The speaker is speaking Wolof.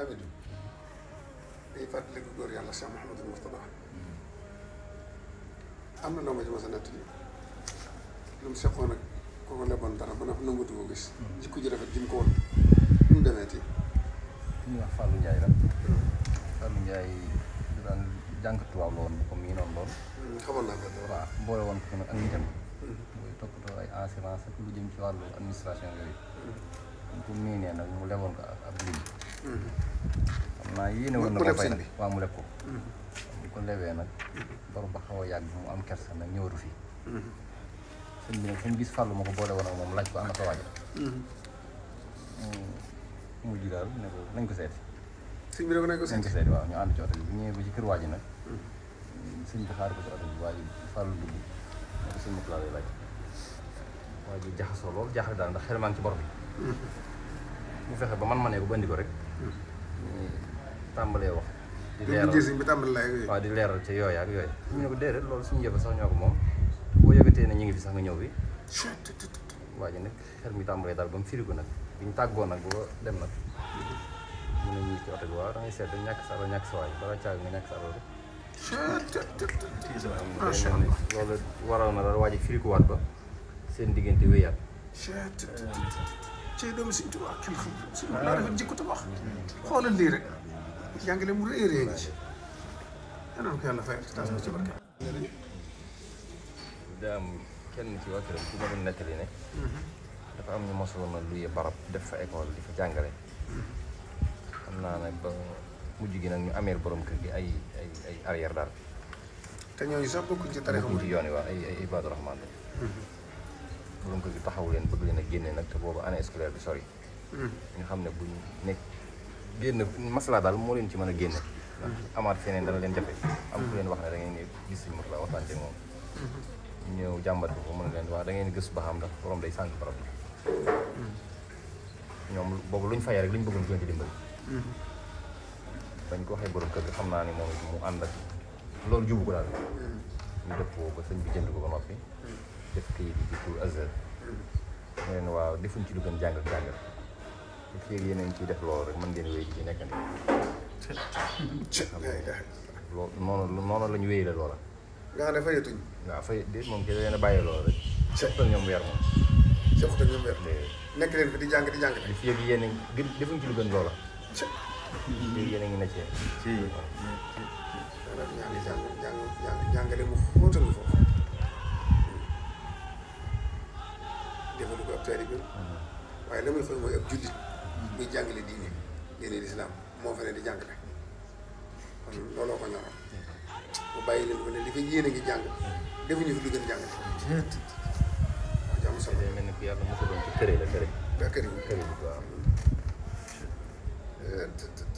Amady day fàttaliku góor yàlla Cheikh am na loo ma ci mos a natt nii lu mu leboon dara ba nga xam nangutu ko gis. Hmm. jikko ji rafet ji mu ko woon mu demee ti ñu wax Fallou Ndiaye la. Fallou Ndiaye du daan jàng tubaab la woon comme nii noonu lool. Hmm, xamoon naa ko waaw boole ko nag ak nitam. Hmm. muy toppatoo ay assurance ak lu ci wàllu administration yooyu. bu mu miinee nag mu leboon ko ab liggéey. xam naa yéene woon na ko fay nag waaw mu leb ko di ko lewee nag bor ba xaw a yàgg mu am kersa nag ñëwatu fii sëñ bi nag fu mu gis fàllu ma ko boole woon ak moom laaj ko ana ko waajal mu ne ko nañ nañ ko seeti nañ ko seeti waaw ñu ànd bu ñëwee ba ci kër waaji nag sëñ bi xaar ko ci oto bi waaji fàllu dugg ne ko sëñ ma ko laa laaj waa ji jaxasoo loolu jaaxle daal ndax xel ci bor bi mm-hmm. mu fexe ba man ma ne ko ba indi ko rek Hmm. tàmbalee wax di leeral waaw di leeral ca yooya ak yooya ñu ne ko déedéet loolu suñu yëfa sax ñoo ko moom boo yëgatee ne ñu ngi fi sax nga ñëw bi waa ji nag xel mi tàmbalee daal ba mu firigu nag bi ñu tàggoo nag boo dem nag mu ne ñu ci oto bi waaw da ngay seet ñàkk sa alal ñàkk sa waay balaa caag nga ñàkk sa alal rek loolu waral na daal waa ji firikuwaat ba seen diggante wéyaat ci doomu Sëñ Tuubaa kenn xam si moom daa rafet jikko te wax xoolal lii rek jàngale mu rëy rëy ci yàlla ko yàlla fayal tas ci barke daa am kenn ci waa këram ku ma doon nettali dafa am ñu mosoon a luye barab def fa école di fa jàngale xam naa nag ba mujj gi nag ñu amee boroom kër gi ay ay ay arrière daal te ñooñu sax bokkuñ ci tarixa bokkuñ yoon yi waaw ay ay Ibaadu Rahmaan la mm-hmm. borom kër gi taxaw leen bëgg leen a génne nag te boobu année scolaire bi sori. ñu hmm. xam ne buñ nekk génn maslaa daal moo leen ci mën a génne. Hmm. ndax amaat feneen dana leen jafe. am ku leen wax ne da ngeen gis suñu mot la moom. Hmm. ñu jàmbat ko ba mën leen wax da ngeen gëstu ba xam ndax borom day sànq barab ñoom boobu luñ fayee rek luñ bëggoon gën ci dimbali. bañ ko waxee borom kër gi xam naa ne moom mu ànd ak loolu jubu ko daal. ñu dëppoo ba sëñ bi jënd ko ba noppi. def këyit yi ci pour Azhar mu leen waaw defuñ ci lu gën jàngal jàngal te fii yéen a ngi ciy def loolu rek mën ngeen wéy di ci nekkandi loolu noonu noonu la ñu wéy la loola nga xam ne fayatuñ waaw fay déet moom ki leen a bàyyi loolu rek seqtal ñoom weer moom seqtal ñoom weer nekk leen fi di jàng di jàng te fii ak yéen a ngi defuñ ci lu gën loola fii yéen a ngi na cee ci jàng jàng jàng jàngale mu xóotal foofu defalu ko ab taalibeem waaye la muy xool mooy ab jullit muy jàngale diine diine lislaam moo fa ne di jàngale kon looloo ko ñoroon bu bàyyi leen ko ne li ko yéene ngi jàng defuñu fi lu gën jàngale waaw jàmm solo mel ni yàlla mosu doon ci kër la kër kër yi waaw euh,